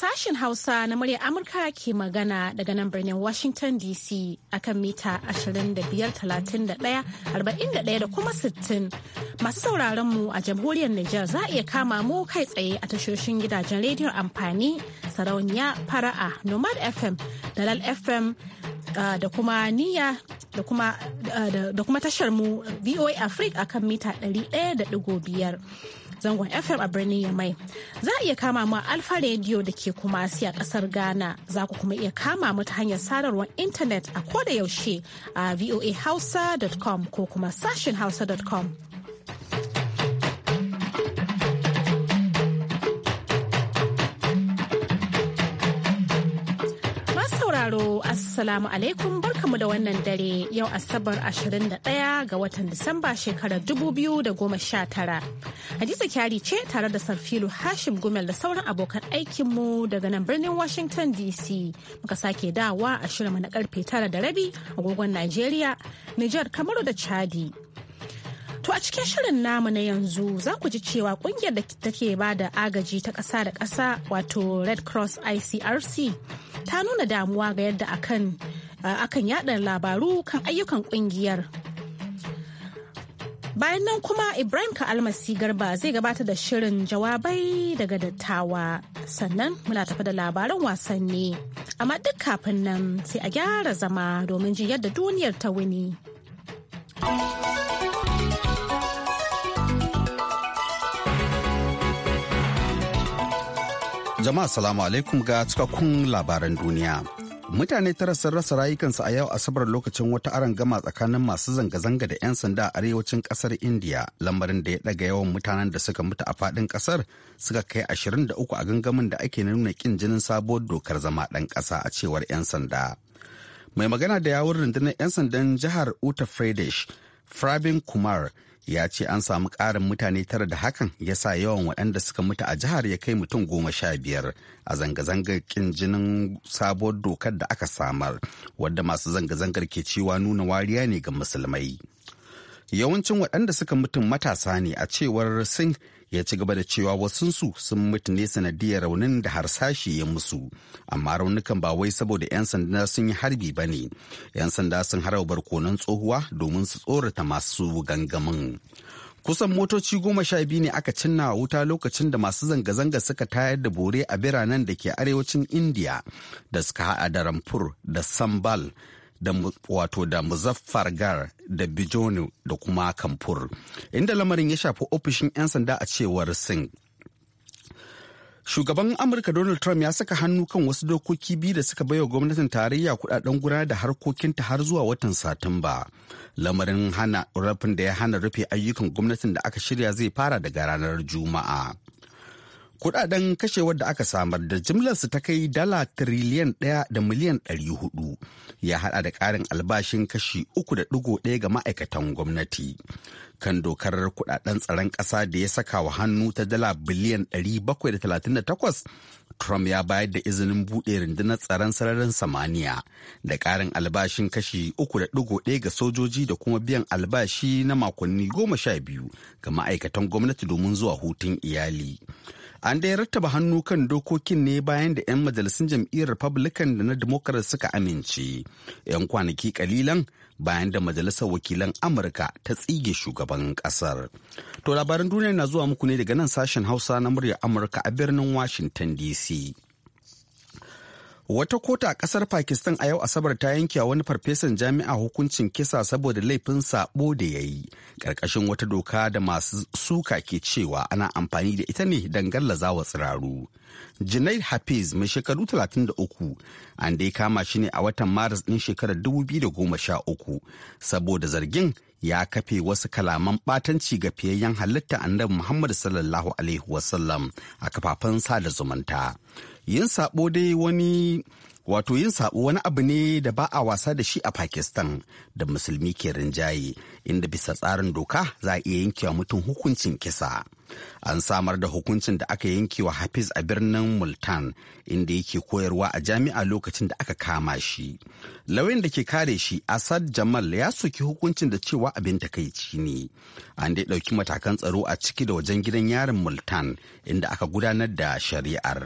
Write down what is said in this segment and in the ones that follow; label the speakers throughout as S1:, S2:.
S1: Sashen Hausa na murya Amurka ke magana daga nan birnin Washington DC akan mita 25,31,41 da kuma 60. Masu sauraron mu a jamhuriyar Nijar za a iya kama mu kai tsaye a tashoshin gidajen rediyon amfani sarauniya fara'a Nomad FM, Dalal FM, Ah, da kuma niya da kuma, ah, da kuma tashar mu VOA Africa akan mita 100.5 zangon FM a birnin Yamai. Za a iya kama mu Alfa Radio da ke kuma a kasar Ghana. Za ku kuma iya kama mu ta hanyar sadarwar intanet a koda yaushe a voahausa.com ko kuma sashen hausa.com. sauraro Assalamu alaikum barkamu da wannan dare yau Asabar 21 ga watan Disamba shekarar 2019. Hadiza kyari ce tare da Sarfilu Hashim Gumel da sauran abokan aikinmu daga nan birnin Washington DC. Muka sake dawa a shirinmu na karfe tara da rabi agogon Najeriya, Nijar, Kamaru da Chadi. To a cikin shirin namu na yanzu za ku ji cewa kungiyar da take ba da agaji ta ƙasa da ƙasa wato Red Cross ICRC ta nuna damuwa ga yadda akan akan labaru kan ayyukan kungiyar. Bayan nan kuma Ibrahim Ka'almasi Garba zai gabata da shirin jawabai daga dattawa sannan muna tafi da labaran wasanni. Amma duk kafin nan sai a gyara zama domin jin yadda duniyar ta wuni.
S2: Jama'a salamu alaikum ga cikakkun labaran duniya. Mutane tara sun rasa rayukansu a yau Asabar lokacin wata gama tsakanin masu zanga-zanga da 'yan sanda a arewacin kasar India, lamarin da ya ɗaga yawan mutanen da suka mutu a faɗin kasar suka kai 23 a gangamin da ake nuna kin jinin sabuwar dokar zama ɗan ƙasa a cewar 'yan sanda. Mai magana da yawun rundunar 'yan sandan jihar Uttar Pradesh, frabin Kumar, ya ce an samu ƙarin mutane tara da hakan ya sa yawan waɗanda suka mutu a jihar ya kai mutum goma sha biyar a zanga-zangar ƙin jinin sabuwar dokar da aka samar wadda masu zanga-zangar ke cewa nuna wariya ne ga musulmai Yawancin waɗanda suka mutum matasa ne a cewar Singh ya ci gaba da cewa wasunsu sun mutu ne sanadiyar raunin da harsashi ya musu amma raunukan ba wai saboda 'yan sanda sun yi harbi ba ne 'yan sanda sun harba barkonan tsohuwa domin su tsorata masu gangamin kusan motoci goma sha biyu ne aka cinna wuta lokacin da masu zanga-zanga suka tayar da bore a biranen da ke arewacin india da suka haɗa da rampur da sambal da wato da Muzaffargar da bijoni da kuma Kamfur. Inda lamarin ya shafi ofishin 'yan sanda a cewar sin. Shugaban Amurka Donald Trump ya saka hannu kan wasu dokoki biyu da suka baiwa gwamnatin tarayya kudaden gudanar da harkokinta har zuwa watan Satumba. Lamarin hana rufin da ya hana rufe ayyukan gwamnatin da aka shirya zai fara daga ranar Juma'a. kudaden kashewar da aka samar da jimlarsu ta kai dala tiriliyan ɗaya da miliyan ɗari hudu ya hada da karin albashin kashi uku da dugo daya ga ma'aikatan gwamnati kan dokar kudaden tsaron kasa da ya saka wa hannu ta dala biliyan ɗari bakwai da talatin da takwas trump ya bayar da izinin buɗe rundunar tsaron sararin samaniya da karin albashin kashi uku da dugo daya ga sojoji da kuma biyan albashi na makonni goma sha biyu ga ma'aikatan gwamnati domin zuwa hutun iyali. An dai rattaba hannu kan dokokin ne bayan da 'yan majalisun jam'iyyar Republican da na Democrat suka amince. 'Yan kwanaki kalilan bayan da majalisar wakilan Amurka ta tsige shugaban kasar. To labaran duniya na zuwa muku ne daga nan sashen Hausa na murya Amurka a birnin Washington DC. Wata kota a ƙasar Pakistan a yau Asabar ta yanke a wani farfesan jami'a hukuncin kisa saboda laifin sabo da ya yi, ƙarƙashin wata doka da masu suka ke cewa ana amfani da ita ne don gallaza wa tsiraru. Junaid Hafiz mai shekaru 33 an dai kama shi ne a watan Maris ɗin shekarar 2013 saboda zargin ya kafe wasu kalaman ɓatanci ga fiyayyen halitta annabi Muhammad sallallahu alaihi wasallam a kafafen sada zumunta. yin sabo dai wani wato yin sabo wani abu ne da ba a wasa da shi a pakistan da musulmi ke rinjaye inda bisa tsarin doka za a iya yankewa mutum hukuncin kisa an samar da hukuncin da aka yankewa hafiz a birnin multan inda yake koyarwa a jami'a lokacin da aka kama shi lauyan da ke kare shi asad jamal ya soki hukuncin da cewa abin takaici ne an dai ɗauki matakan tsaro a ciki da wajen gidan yarin multan inda aka gudanar da shari'ar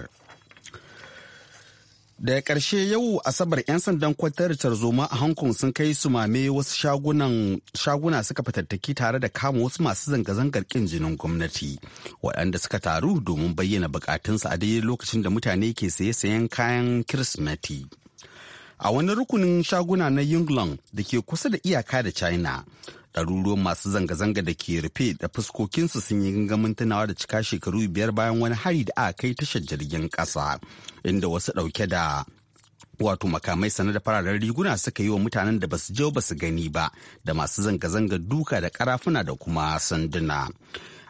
S2: Daga karshe yau Asabar 'yan sandan kwatar tarzoma a Hong Kong sun kai sumame wasu shaguna suka fatattaki tare da kama wasu masu zanga-zangar ƙin jinin gwamnati waɗanda suka taru domin bayyana bukatunsu a daidai lokacin da mutane ke saye-sayen kayan Kirsimeti. A wani rukunin shaguna na Yunglong da ke kusa da iyaka da China, ɗaruruwan masu zanga-zanga da ke rufe da fuskokinsu sun yi gangamin tunawa da cika shekaru biyar bayan wani hari da aka kai tashar jirgin ƙasa inda wasu ɗauke da wato makamai sana da fararen riguna suka yi wa mutanen da basu je ba su gani ba da masu zanga-zanga duka da karafuna da kuma sanduna.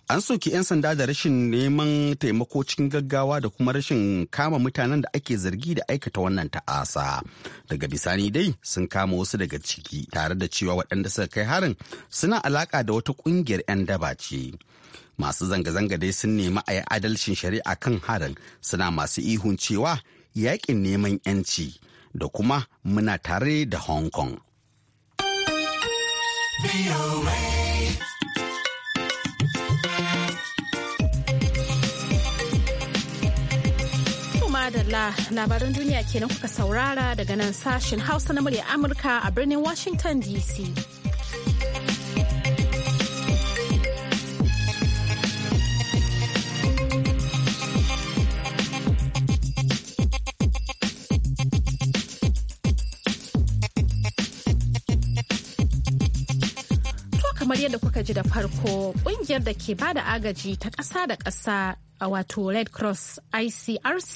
S2: an soki 'yan sanda da rashin neman taimako cikin gaggawa da kuma rashin kama mutanen da ake zargi da aikata wannan ta'asa daga bisani dai sun kama wasu daga ciki tare da cewa waɗanda suka kai harin suna alaƙa da wata ƙungiyar 'yan daba ce masu zanga-zanga dai sun nemi a yi adalcin shari'a kan harin suna masu ihun cewa yaƙin neman 'yanci da kuma muna tare da hong kong.
S1: madalla labaran duniya kenan kuka saurara daga nan sashen hausa na murya amurka a birnin washington dc kamar yadda kuka ji da farko ƙungiyar da ke bada agaji ta ƙasa da ƙasa a wato red cross icrc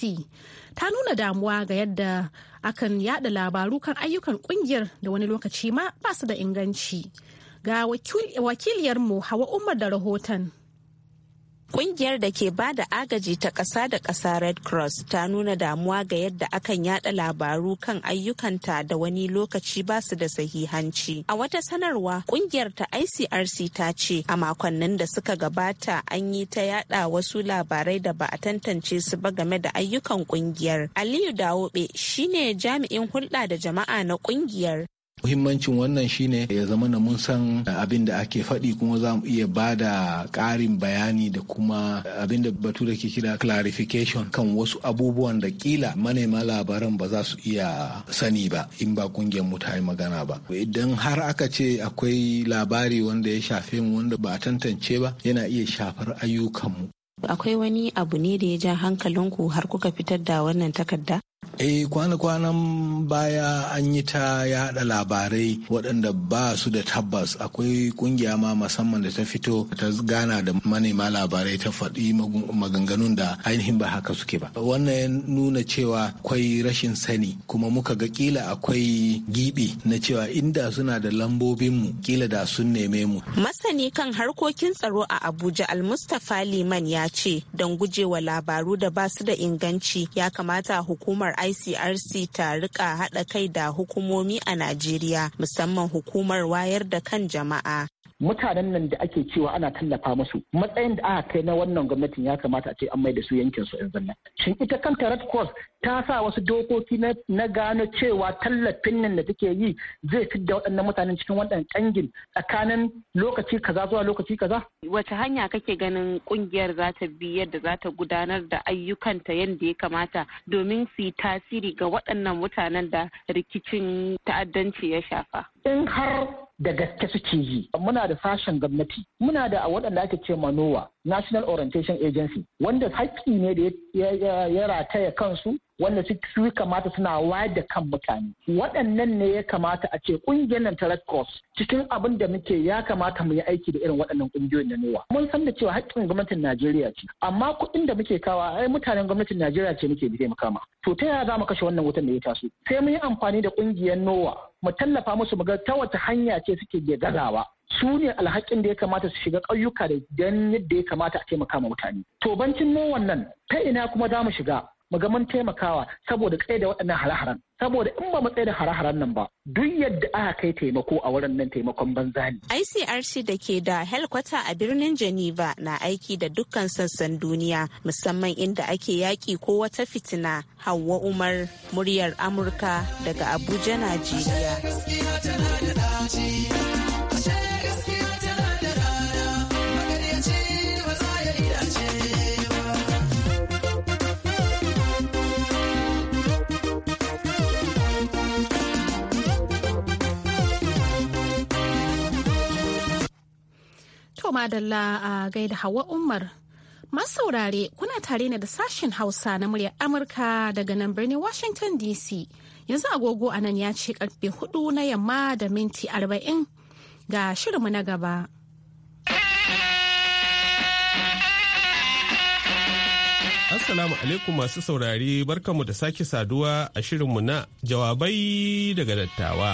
S1: ta nuna damuwa ga yadda akan yada labaru kan ayyukan kungiyar da wani lokaci ma ba su da inganci ga wakiliyarmu hawa umar da rahoton
S3: Kungiyar da ke ba da agaji ta ƙasa da ƙasa Red Cross ta nuna damuwa ga yadda akan yada labaru kan ayyukanta da wani lokaci ba su da sahihanci. A wata sanarwa, kungiyar ta ICRC ta ce a makonnin da suka gabata an yi ta yada wasu labarai da ba a tantance su ba game da ayyukan kungiyar. Aliyu Dawobe shine jami'in hulɗa da jama'a na kungiyar
S4: muhimmancin wannan shine ya zama na mun san abin da ake faɗi kuma za mu iya ba da ƙarin bayani da kuma abin da da ke kira clarification kan wasu abubuwan da kila manema labaran ba za su iya sani ba in ba kungiyar mu ta yi magana ba idan har aka ce akwai labari wanda ya shafe mu wanda ba a tantance ba yana iya shafar mu.
S3: akwai wani abu ne da ya ja hankalinku har kuka fitar da wannan takarda
S4: eh kwana-kwanan baya an yi ta yada labarai waɗanda ba su da tabbas akwai kungiya ma musamman da ta fito ta gana da manema labarai ta faɗi maganganun da ainihin ba haka suke ba wannan nuna cewa akwai rashin sani kuma muka ga kila akwai gibi na cewa inda suna da lambobinmu kila da sun neme mu
S3: masani kan harkokin tsaro a abuja almustapha liman ya ce don gujewa labaru da ba su da inganci ya kamata hukumar icrc ta rika haɗa kai da hukumomi
S5: a najeriya musamman hukumar wayar da kan jama'a mutanen nan da ake cewa ana tallafa musu matsayin da aka kai na wannan gwamnatin ya kamata a ce an mai da su yankin su yanzu nan shin ita kanta red cross ta sa wasu dokoki na gano cewa tallafin nan da take yi zai fi da waɗannan mutanen cikin waɗannan kangin tsakanin lokaci kaza zuwa lokaci kaza
S3: wace hanya kake ganin kungiyar za ta bi yadda za ta gudanar da ayyukanta yadda ya kamata domin su yi tasiri ga waɗannan mutanen da rikicin ta'addanci ya shafa
S5: in har da gaske suke yi muna da sashen gwamnati muna da a waɗanda ake ce manowa national orientation agency wanda haƙƙi ne da ya rataya kansu wanda su ya kamata suna wayar da kan mutane waɗannan ne ya kamata a ce ƙungiyar nan ta red cross cikin abin da muke ya kamata mu yi aiki da irin waɗannan ƙungiyoyin na nowa mun san da cewa haƙƙin gwamnatin najeriya ce amma kuɗin da muke kawa ai mutanen gwamnatin najeriya ce muke bi kama to ta yaya za mu kashe wannan wutan da ya taso sai mun yi amfani da ƙungiyar nowa mu tallafa musu mu ga ta wata hanya ce suke da gazawa su ne alhakin da ya kamata su shiga ƙauyuka da dan yadda ya kamata a taimaka ma mutane to bancin nowan nan ta ina kuma za mu shiga mu ga mun taimakawa saboda tsaye da waɗannan hare saboda in ba mu tsaye da hare nan ba duk yadda aka kai taimako a wurin nan taimakon banza ne.
S3: ICRC da ke da helkwata a birnin Geneva na aiki da dukkan sassan duniya musamman inda ake yaƙi ko wata fitina Hauwa Umar muryar Amurka daga Abuja, Najeriya.
S1: To madalla a gaida Hawa Umar. Masu saurare kuna tare ne da sashen Hausa na muryar Amurka daga nan birnin Washington DC. Yanzu agogo a nan ya ce karfe hudu na yamma da minti arba'in ga shirinmu na gaba.
S6: Assalamu alaikum masu saurare barkanmu da sake saduwa a shirinmu na jawabai daga dattawa.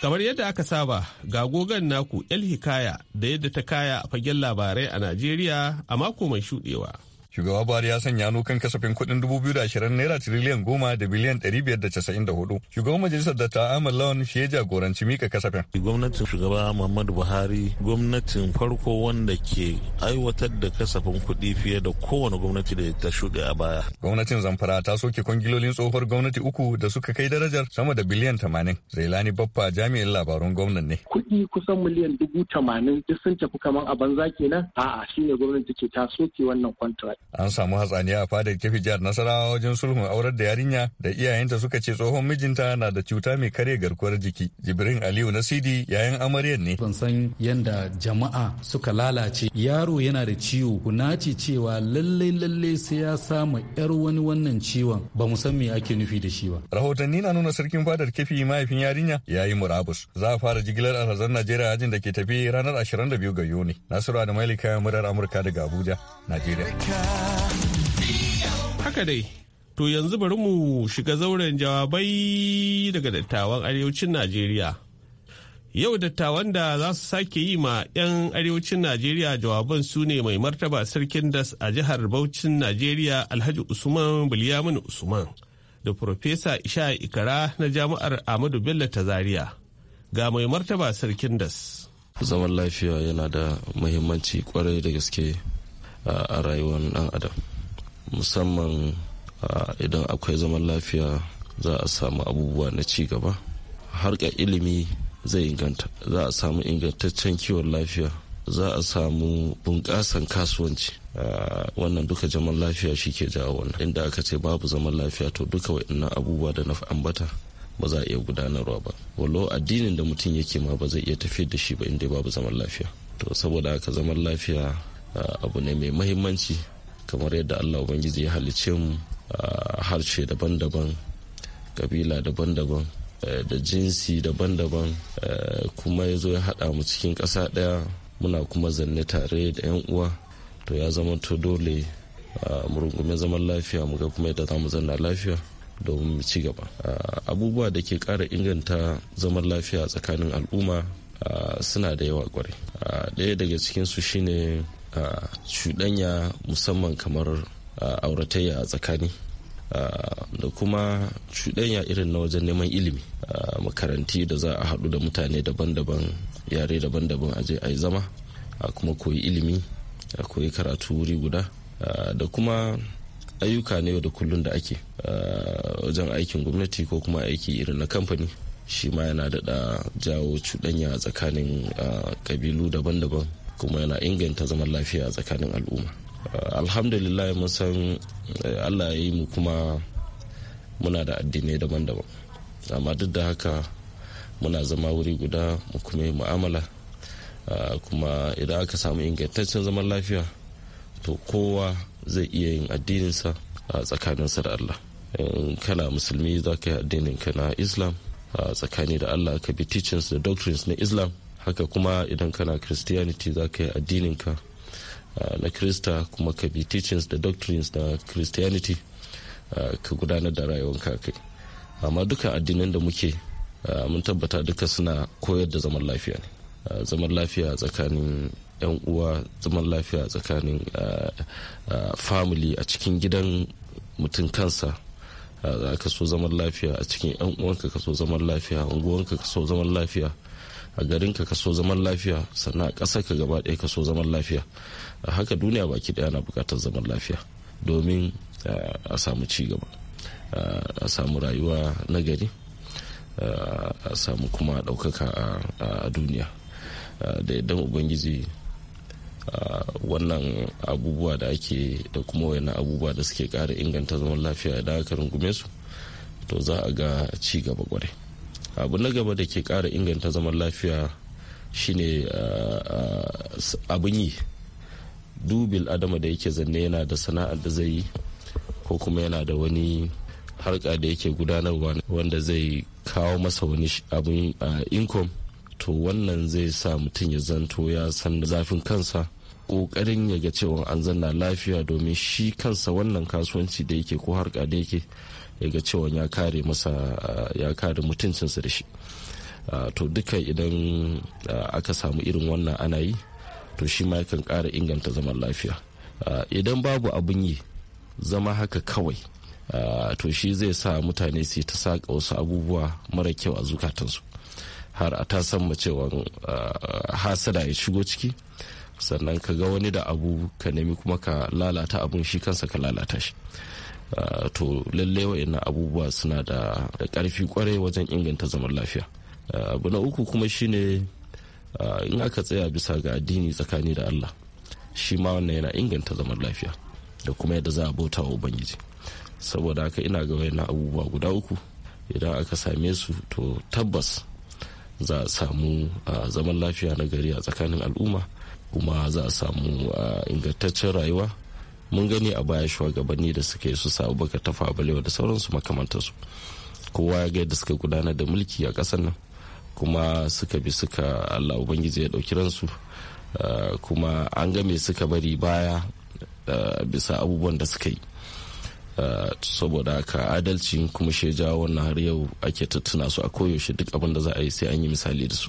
S6: Kamar yadda aka saba, ga gogon naku El
S7: Hikaya da yadda ta kaya a fagen labarai a Najeriya a mako mai shuɗewa. Shugaba Buhari ya sanya hannu kan kasafin kuɗin 2020 naira tiriliyan goma da biliyan 594. Shugaban majalisar datta Ahmad Lawan shi ya jagoranci mika kasafin. Gwamnatin shugaba Muhammadu Buhari gwamnatin farko wanda ke aiwatar da kasafin kuɗi fiye da kowane gwamnati da ta shuɗe a baya. Gwamnatin Zamfara ta soke kwangilolin tsohuwar gwamnati uku da suka kai darajar sama da biliyan tamanin, Zailani Baffa jami'in labarun gwamnan ne.
S5: Kuɗi kusan miliyan dubu tamanin duk sun tafi kamar a banza kenan a'a shine gwamnati ce ta soke wannan contract
S7: an samu hatsaniya a fadar kefi jihar nasarawa wajen sulhun aurar da yarinya da iyayenta suka ce tsohon mijinta na da cuta mai karya garkuwar jiki jibrin aliyu na sidi yayin amaryar ne ban san
S4: yanda jama'a suka lalace yaro yana da ciwo kuna ce cewa lallai lallai sai ya samu yar wani wannan ciwon ba mu san me ake nufi da shi ba
S7: rahotanni na nuna sarkin fadar kefi mahaifin yarinya yayi murabus za a fara jigilar alhazan najeriya yajin da ke tafi ranar 22 ga yuni nasiru da mailika murar amurka daga abuja najeriya
S6: Haka dai, to yanzu bari mu shiga zauren jawabai daga dattawan arewacin Najeriya. Yau dattawan da za su sake yi ma 'yan arewacin Najeriya jawaban su ne mai martaba sarkin das a jihar baucin Najeriya Alhaji Usman Bilyamin Usman da Profesa Isha Ikara na Jami'ar Ahmadu Bello ta Zaria. Ga mai martaba sarkin das.
S8: Zaman lafiya yana da muhimmanci kwarai da gaske a rayuwar dan adam musamman idan akwai zaman lafiya za a samu abubuwa na ci gaba ka ilimi zai inganta za a samu ingantaccen kiwon lafiya za a samu bunƙasan kasuwanci wannan duka zaman lafiya shi ke jawo wannan inda aka ce babu zaman lafiya to duka waɗannan abubuwa da na ambata ba za a iya gudanarwa ba wallo addinin da mutum yake ma ba zai iya tafiyar da shi ba inda babu zaman lafiya to saboda haka zaman lafiya Ah, abu ne mai mahimmanci kamar yadda allah ubangiji ya halicce mu ah, harshe daban-daban kabila daban-daban eh, da jinsi daban-daban eh, kuma ya zo ya haɗa mu cikin ƙasa ɗaya muna kuma zanne tare da 'yan uwa to ya zama to dole ah, mu rungume zaman lafiya mu ga kuma yadda za mu zanna lafiya domin mu ci gaba abubuwa da ke ƙara inganta zaman lafiya tsakanin al'umma suna da yawa ƙwarai. ɗaya daga cikinsu shine cuɗanya musamman kamar auratayya a tsakani da kuma cuɗanya irin na wajen neman ilimi makaranti da za a haɗu da mutane daban-daban yare daban-daban a je a yi zama a kuma koyi ilimi a koyi karatu wuri guda da kuma ayyuka na yau da kullun da ake wajen aikin gwamnati ko kuma aiki irin na kamfani shi ma yana daɗa jawo cuɗanya tsakanin kabilu daban-daban kuma yana inganta zaman lafiya a tsakanin al'umma uh, alhamdulillah mun san eh, allah ya yi mu kuma muna da addinai daban-daban amma duk da haka muna zama wuri guda mu kuma yi mu'amala uh, kuma idan aka samu ingantaccen zaman lafiya to kowa zai iya yin addininsa a tsakaninsa da allah in kana musulmi za ka yi addinin ka na islam a tsakani da allah ka bi teachings da doctrines na islam haka kuma idan kana christianity za ka yi addininka ah, na krista kuma ka bi teachings da doctrines na christianity ah, ka gudanar da rayuwanka kai amma dukkan addinan da muke ah, mun tabbata duka suna koyar da zaman lafiya ne zaman lafiya tsakanin yan uwa zaman lafiya tsakanin family a cikin gidan mutum kansa za ka so zaman lafiya a cikin yan uwanka ka so zaman lafiya unguwanka ka so zaman lafiya a garin ka kaso zaman lafiya sannan a ƙasar ka gaba ɗaya ka zaman lafiya a haka duniya baki ɗaya na buƙatar zaman lafiya domin a samu ci gaba a samu rayuwa na gari a samu kuma ɗaukaka a duniya da idan ubangiji wannan abubuwa da ake da kuma wani abubuwa da suke ƙara inganta zaman lafiya da aka rungume su to za a ga ci gaba kwarai abu na gaba da ke kara inganta zaman lafiya shine uh, uh, abin yi dubil adama da yake zanne yana da sana'ar da zai yi ko kuma yana da wani harka da yake gudanarwa wanda zai kawo masa wani abin uh, income to wannan zai sa mutum ya zanto ya san zafin kansa ƙoƙarin ya ga cewa an zanna lafiya domin shi kansa wannan kasuwanci da yake ko harka da yake ya ga cewa ya kare masa ya kare mutuncinsa da shi to duka idan aka samu irin wannan ana yi to shi ma yakan ƙara inganta zaman lafiya idan babu abin yi zama haka kawai to shi zai sa mutane su ta saƙa wasu abubuwa mara kyau a zukatansu har a ta san cewa hasada ya shigo ciki sannan ka ga wani da abu ka nemi kuma ka lalata abun shi kansa ka lalata shi Ah, to lallai wa'annan abubuwa suna da karfi kwarai wajen inganta zaman lafiya ah, abu na uku kuma shine ah, in aka tsaya bisa ga addini tsakani da allah shi ma wannan yana inganta zaman lafiya da kuma yadda za a bauta wa ubangiji saboda haka ina ga wa'annan abubuwa guda uku idan aka same su to tabbas za a samu zaman lafiya na gari a tsakanin al'umma kuma za a samu ingantaccen rayuwa mun gani a baya shugabanni da suka yi su sa abubakar tafa balewa da sauransu makamantarsu kowa ya ga da suka gudanar da mulki a ƙasar nan kuma suka bi suka allah ubangiji ya ɗauki ransu ah, kuma an game suka bari baya ah, bisa abubuwan da suka yi ah, saboda haka adalci kuma shi ja wannan har yau ake tattuna su a koyaushe duk abin da za a yi sai an yi misali da su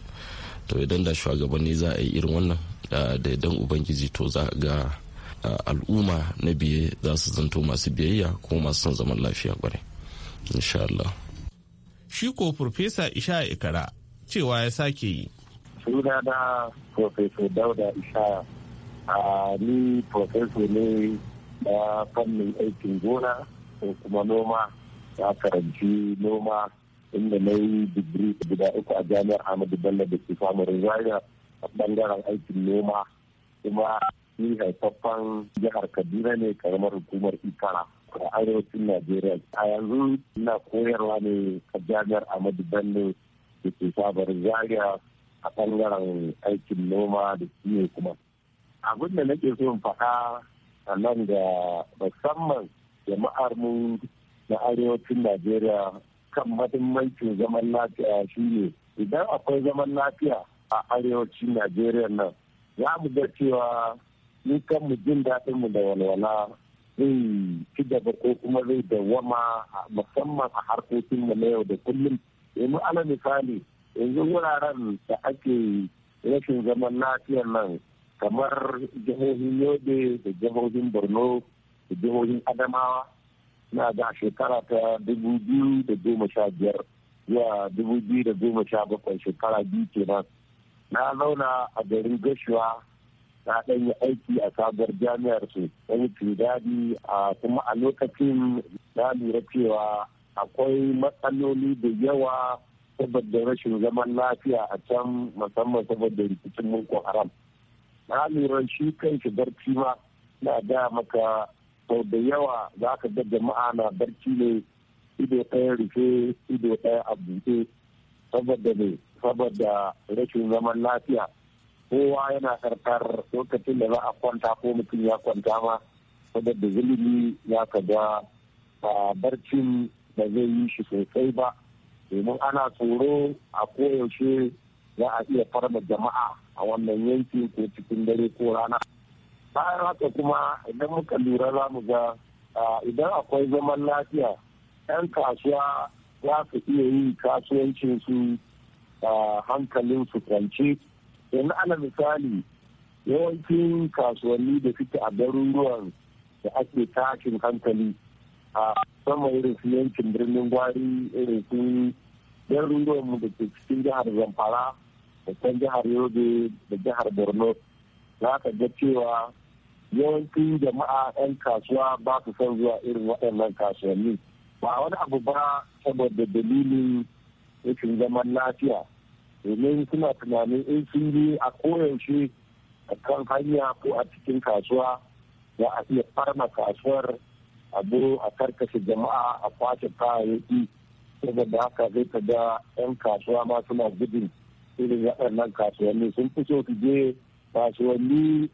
S8: to idan da shugabanni za a yi irin wannan da idan ubangiji to za a ga al'umma na biye za su zanto masu biyayya ko masu son zaman lafiya kwarai insha Allah
S6: shi ko Farfesa Isha Ikara cewa ya sake yi.
S9: Suna na Profesa Dauda Isha a ni Profesa ne na fannin aikin gona ko kuma noma ya karanci noma inda na yi digiri guda uku a jami'ar Ahmadu Bello da ke samun rinjaya a bangaren aikin noma kuma ni haifaffen jihar kaduna ne karamar hukumar ikara a arewacin najeriya a yanzu ina koyarwa ne a jami'ar amadu bello da ke sabar zaria a ɓangaren aikin noma da kiwo kuma abin da nake so in faɗa a nan da musamman jama'ar mu na arewacin najeriya kan mahimmancin zaman lafiya shine idan akwai zaman lafiya a arewacin najeriya nan za mu ga cewa in kan mu jin daɗin mu da walwala zai ci gaba ko kuma zai wama musamman a harkokin mu na yau da kullum yanzu ala misali yanzu wuraren da ake rashin zaman lafiyar nan kamar jihohin yobe da jihohin borno da jihohin adamawa na da shekara ta dubu biyu da goma sha biyar zuwa dubu biyu da goma sha bakwai shekara biyu kenan na zauna a garin gashuwa ta ɗan yi aiki a sabuwar jami'ar su ɗan yi a kuma a lokacin na lura cewa akwai matsaloli da yawa saboda rashin zaman lafiya a can musamman saboda rikicin mulko haram na lura shi kan barci ma na da maka sau da yawa za ka ga jama'a na barci ne ido ɗaya rufe ido ɗaya a buɗe saboda ne saboda rashin zaman lafiya kowa yana karkar lokacin da za a kwanta ko mutum ya kwanta ma saboda zulumi ya ka ga barcin da zai yi shi sosai ba domin ana tsoro a koyaushe za a iya farma jama'a a wannan yankin ko cikin dare ko rana bayan haka kuma idan muka lura za mu ga idan akwai zaman lafiya 'yan kasuwa za su iya yi kasuwancinsu su kwance yanzu ana misali yawancin kasuwanni da suke a garuruwan da ake tashin hankali a sama irin su yankin birnin gwari irin su garuruwan mu da ke cikin jihar zamfara da kan jihar yobe da jihar borno za ka ga cewa yawancin jama'a 'yan kasuwa ba su son zuwa irin waɗannan kasuwanni ba wani abu ba saboda dalilin rashin zaman lafiya domin suna tunanin in sun yi a koyaushe a kan hanya ko a cikin kasuwa ya a iya farma kasuwar abu a karkashe jama'a a kwace kayayyaki saboda haka zai ta da 'yan kasuwa ma suna gudun irin waɗannan kasuwanni sun fi so su je kasuwanni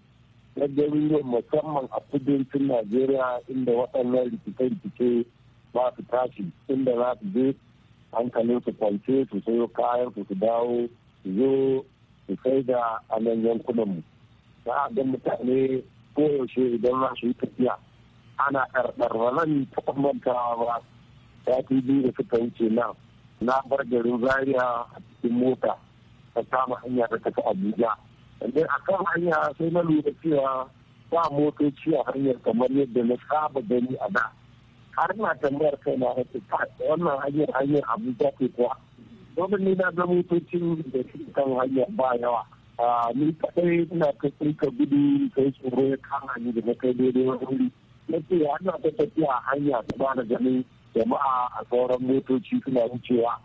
S9: na garuruwan musamman a kudancin najeriya inda waɗannan rikice-rikice ba su tashi inda za su je hankalin su kwance su sayo kayan su su dawo su zo su sai da anan yankunan mu ta a mutane koyaushe idan za su yi tafiya ana ɗarɗar ran ta mantawa ba sati biyu da suka wuce nan na bar garin zaria a cikin mota ta kama hanya da tafi abuja sannan a kan hanya sai na lura cewa ba motoci a hanyar kamar yadda na saba gani a da har na tambayar kai na wace wannan hanyar hanyar abuja ke kuwa domin ni na zama motocin da suke kan hanyar ba yawa ni kaɗai ina ta ka gudu kai tsoro ya kama ni da na kai daidai wani wuri na ce har na ta tafiya hanya ta ba da ganin jama'a a sauran motoci suna wucewa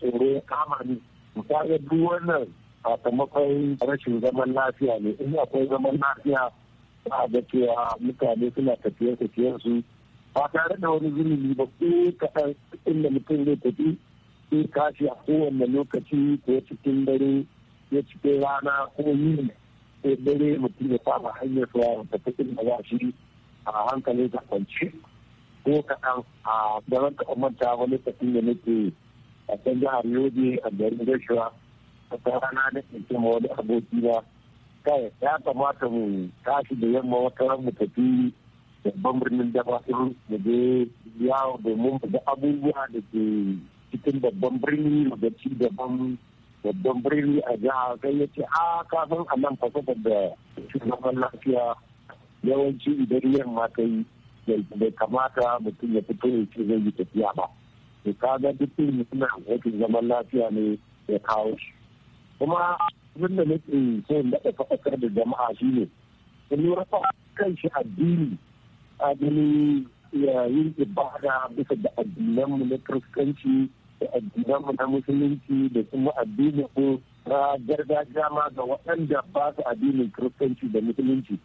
S9: tsoro ya kama ni misali duk wannan sakamakon rashin zaman lafiya ne in akwai zaman lafiya a da cewa mutane suna tafiye-tafiyensu su ba tare da wani zulumi ba ko kaɗan inda mutum zai tafi ko kashi a kowane lokaci ko cikin dare ya cikin rana ko yini ko dare mutum ya fara hanyar suwa ya tafi inda za shi a hankalin ta kwance ko kaɗan a daren ta umarta wani tafi da nake a can jihar yobe a garin gashiwa a ta rana da ke wani aboki ba kai ya kamata mu tashi da yamma wata ran mu tafi babban birnin dabatun da je yawo domin da abubuwa da ke cikin babban birni da ci gaban babban birni a jiha sai ya ce a kafin a nan fa saboda shugaban lafiya yawanci idan yamma mata yi bai kamata mutum ya fito ya ce zai yi tafiya ba to kaga duk suna wakil zaman lafiya ne ya kawo shi kuma abin da nake so in daɗa da jama'a shine ne lura fa kan shi addini adalin yayin ibada bisa da addinanmu na kiristanci da addinanmu na musulunci da kuma ko na gargajiya ma ga waɗanda ba su addinin kiristanci da musulunci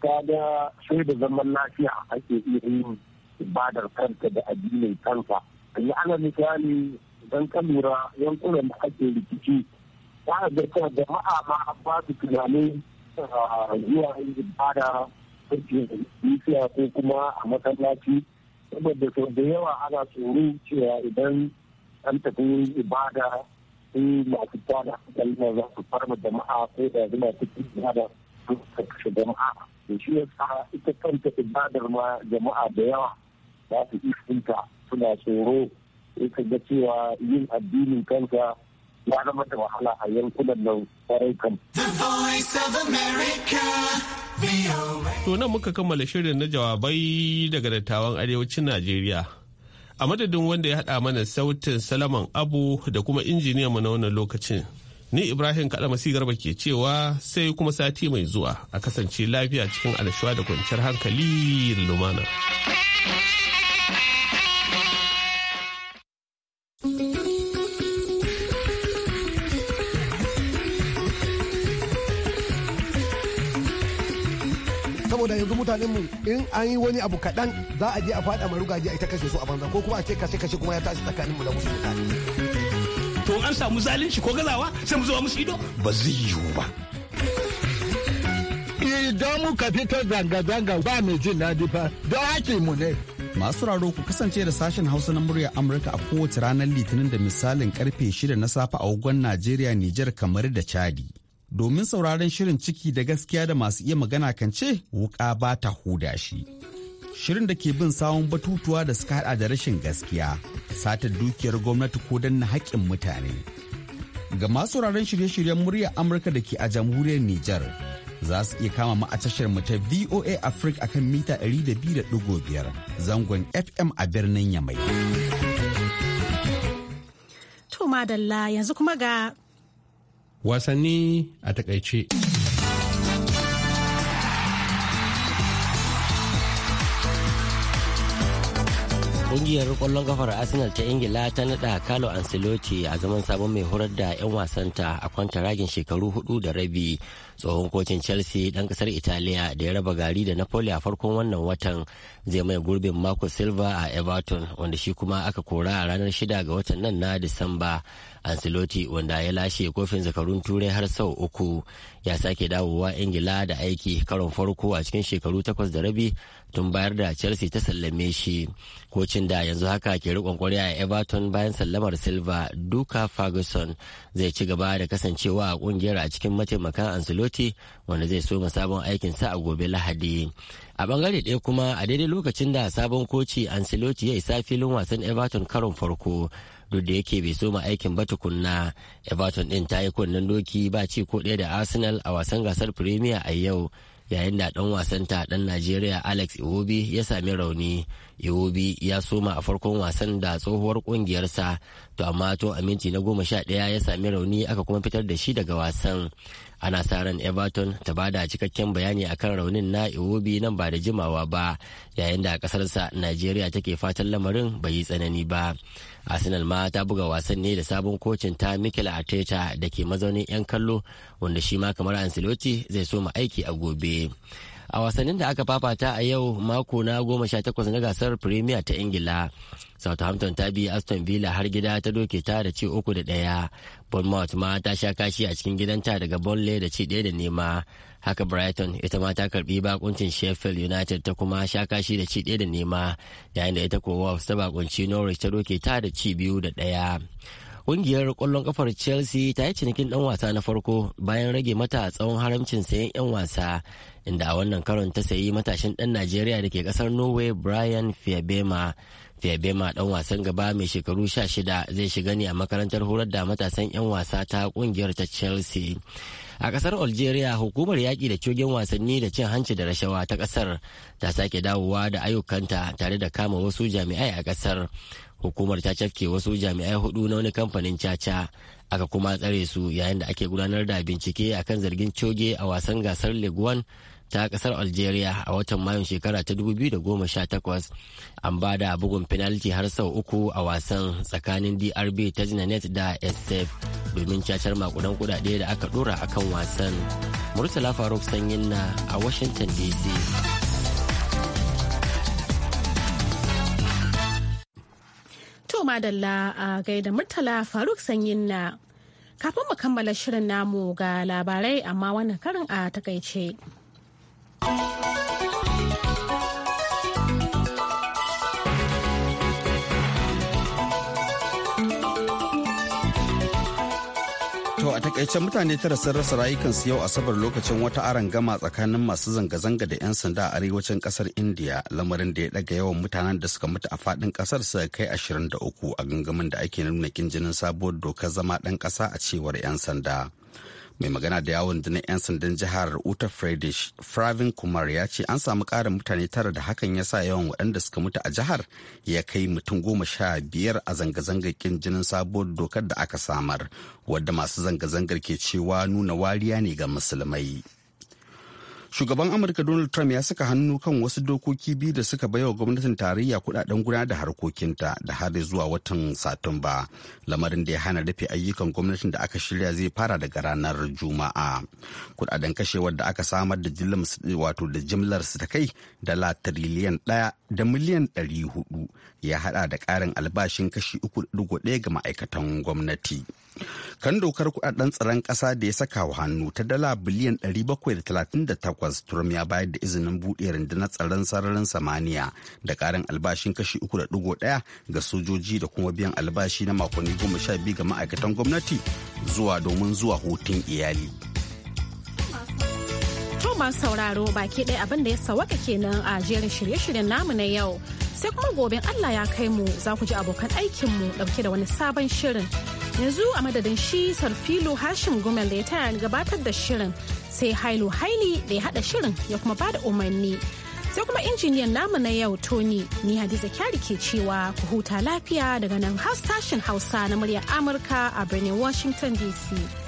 S9: kaga sai da zaman lafiya ake iya yin ibadar kanta da addinin kanka yanzu ana misali don ka lura yankunan da ake rikici ta ga jama'a ma ba su tunanin ah, zuwa yin ibada sarki ko kuma a masallaci saboda sau da yawa ana tsoro cewa idan an tafi ibada sai masu tada kalma za su farma jama'a ko da zuma cikin ibada su kashe jama'a da shi ya sa ita kanta ibadar ma jama'a da yawa za su iskinta suna tsoro sai ka ga cewa yin addinin kansa ya zama da wahala a yankunan nan kwarai kan.
S6: To nan muka kammala shirin na jawabai daga dattawan arewacin Najeriya. A madadin wanda ya haɗa mana sautin Salaman Abu da kuma mu na wannan lokacin. Ni Ibrahim Kalamasi Garba ke cewa sai kuma sati mai zuwa a kasance lafiya cikin alshuwa da kwanciyar hankali da lumana.
S4: mutanenmu in an yi wani abu kaɗan za a je a faɗa marugaji a ita kashe su a banza ko kuma a ce kashe kashe kuma ya tashi tsakaninmu da musu mutane. To an samu zalunci ko gazawa sai mu zuba musu ido ba zai yiwu ba. Idan muka fito zanga-zanga ba mai jin daɗi da don
S2: mu ne. Masu raro ku kasance da sashen Hausa na muryar Amurka a kowace ranar Litinin da misalin karfe 6 na safe a Ogon Najeriya, Nijar, kamar da Chadi. domin sauraron shirin ciki da gaskiya da masu iya magana kan ce wuka ba ta huda shi. Shirin da ke bin sawon batutuwa da suka hada da rashin gaskiya, satar dukiyar gwamnati ko danna haƙƙin mutane. Ga masu sauraron shirye-shiryen murya Amurka da ke a jamhuriyar Nijar, za su iya kama mu a tashar mu ta VOA Africa akan mita 200.5 zangon FM a birnin Yamai.
S1: To madalla yanzu kuma ga
S6: wasanni a takaice.
S10: Ƙungiyar ƙwallon kafar Arsenal ta Ingila ta naɗa Carlo Ancelotti a zaman sabon mai horar da 'yan wasanta a kwanta ragin shekaru hudu da rabi. Tsohon kocin Chelsea ɗan ƙasar Italiya da ya raba gari da Napoli a farkon wannan watan zai mai gurbin Marco Silva a Everton wanda shi kuma aka kora a ranar shida ga watan nan na Disamba. ancelotti wanda ya lashe kofin zakarun turai har sau uku ya sake dawowa ingila da aiki karon farko a cikin shekaru takwas da rabi tun bayar da chelsea ta sallame shi kocin da yanzu haka ke rikon kwarya a everton bayan sallamar silva duka ferguson zai ci gaba da kasancewa a kungiyar a cikin mataimakan ancelotti wanda zai soma sabon aikin sa a gobe lahadi a bangare ɗaya kuma a daidai lokacin da sabon koci ancelotti ya isa filin wasan everton karon farko duk da yake bai soma aikin ba tukunna everton din ta yi kunnen doki ba ci ko ɗaya da arsenal a wasan gasar premier a yau yayin da ɗan ta ɗan najeriya alex iwobi ya sami rauni iwobi ya soma a farkon wasan da tsohuwar kungiyarsa to amma to a minti na goma sha ɗaya ya sami rauni aka kuma fitar da shi daga wasan ana sa ran everton ta bada cikakken bayani akan raunin na iwobi nan ba da jimawa ba yayin da ƙasarsa najeriya take fatan lamarin bai yi tsanani ba arsenal ma ta buga wasan ne da sabon kocin ta mikel arteta da ke mazaunin 'yan kallo wanda shi ma kamar ancelotti zai so mu aiki a gobe a wasannin da aka fafata a yau mako na goma sha takwas na gasar premier ta ingila southampton ta biya aston villa har gida ta doke ta da ci uku da ɗaya bournemouth ma ta sha kashi a cikin gidanta daga bonley da ci ɗaya da nema haka brighton ita ma ta karbi bakuncin sheffield united ta kuma sha kashi da ci ɗaya da nema yayin da ita kowa ta bakunci norwich ta doke ta da ci biyu da ɗaya Ƙungiyar kwallon kafar Chelsea ta yi cinikin ɗan wasa na farko bayan rage mata a tsawon haramcin sayan 'yan wasa inda a wannan karon ta sayi matashin ɗan Najeriya da ke kasar Norway Brian Fiabema. Fiabema dan wasan gaba mai shekaru 16 zai shiga ne a makarantar horar da matasan 'yan wasa ta ƙungiyar ta Chelsea. A ƙasar Algeria hukumar yaƙi da cogen wasanni da cin hanci da rashawa ta ƙasar ta sake dawowa da ayyukanta tare da kama wasu jami'ai a ƙasar. hukumar ta cafke wasu jami'ai hudu na wani kamfanin caca aka kuma tsare su yayin da ake gudanar da bincike akan zargin coge a wasan gasar leguan ta kasar algeria a watan mayun shekara ta 2018 an ba da bugun penalty har sau uku a wasan tsakanin drb tajnanet da sf domin cacar makudan kudade da aka dora akan wasan murtala faruk sanyin na a washington dc
S1: madalla a gaida Murtala Faruk Sanyin na. Kafin mu kammala shirin namu ga labarai amma wannan karin a takaice.
S2: takaice mutane tara sun rasa rayukansu yau asabar lokacin wata Aron Gama tsakanin masu zanga-zanga da 'yan sanda a arewacin kasar india lamarin da ya daga yawan mutanen da suka mutu a fadin kasar suka kai 23 a gangamin da ake nuna kin jinin sabuwar dokar zama ɗan ƙasa a cewar 'yan sanda mai magana da yawon na 'yan sandan jihar uta fredish fravin kumar ya ce an samu ƙarin mutane tara da hakan ya sa yawan waɗanda suka mutu a jihar ya kai mutum goma sha biyar a zanga-zangar kin jinin sabuwar dokar da aka samar wadda masu zanga-zangar ke cewa nuna wariya ne ga musulmai. shugaban amurka donald trump ya saka hannu kan wasu dokoki biyu da suka baiwa gwamnatin tarayya kudaden guda da harkokinta da har zuwa watan satumba lamarin da ya hana rufe ayyukan gwamnatin da aka shirya zai fara daga ranar juma'a kudaden kashewar da aka samar da wato da jimlar su ta kai dala tiriliyan daya da miliyan ɗari hudu ya hada da ƙarin albashin kashi uku ga ma'aikatan gwamnati. kan dokar kudaden tsaron ƙasa da ya saka wa hannu ta dala biliyan 738 turam ya bayar da izinin buɗe rundunar tsaron sararin samaniya da ƙarin albashin kashi 3.1 ga sojoji da kuma biyan albashi na makonni 12 ga ma'aikatan gwamnati zuwa domin zuwa hutun iyali.
S1: masu sauraro baki ɗaya abin da ya sawaka kenan a jerin shirye-shiryen namu na yau sai kuma gobe Allah ya kai mu za ku ji abokan aikinmu ɗauke da wani sabon shirin yanzu a madadin shi sarfilo hashim gomel da ya taya gabatar da shirin sai hailu haili da ya hada shirin ya kuma bada umarni sai kuma injiniyan namu na yau tony ni hadiza kyari ke cewa ku huta lafiya daga nan sashen hausa na murya amurka a birnin washington dc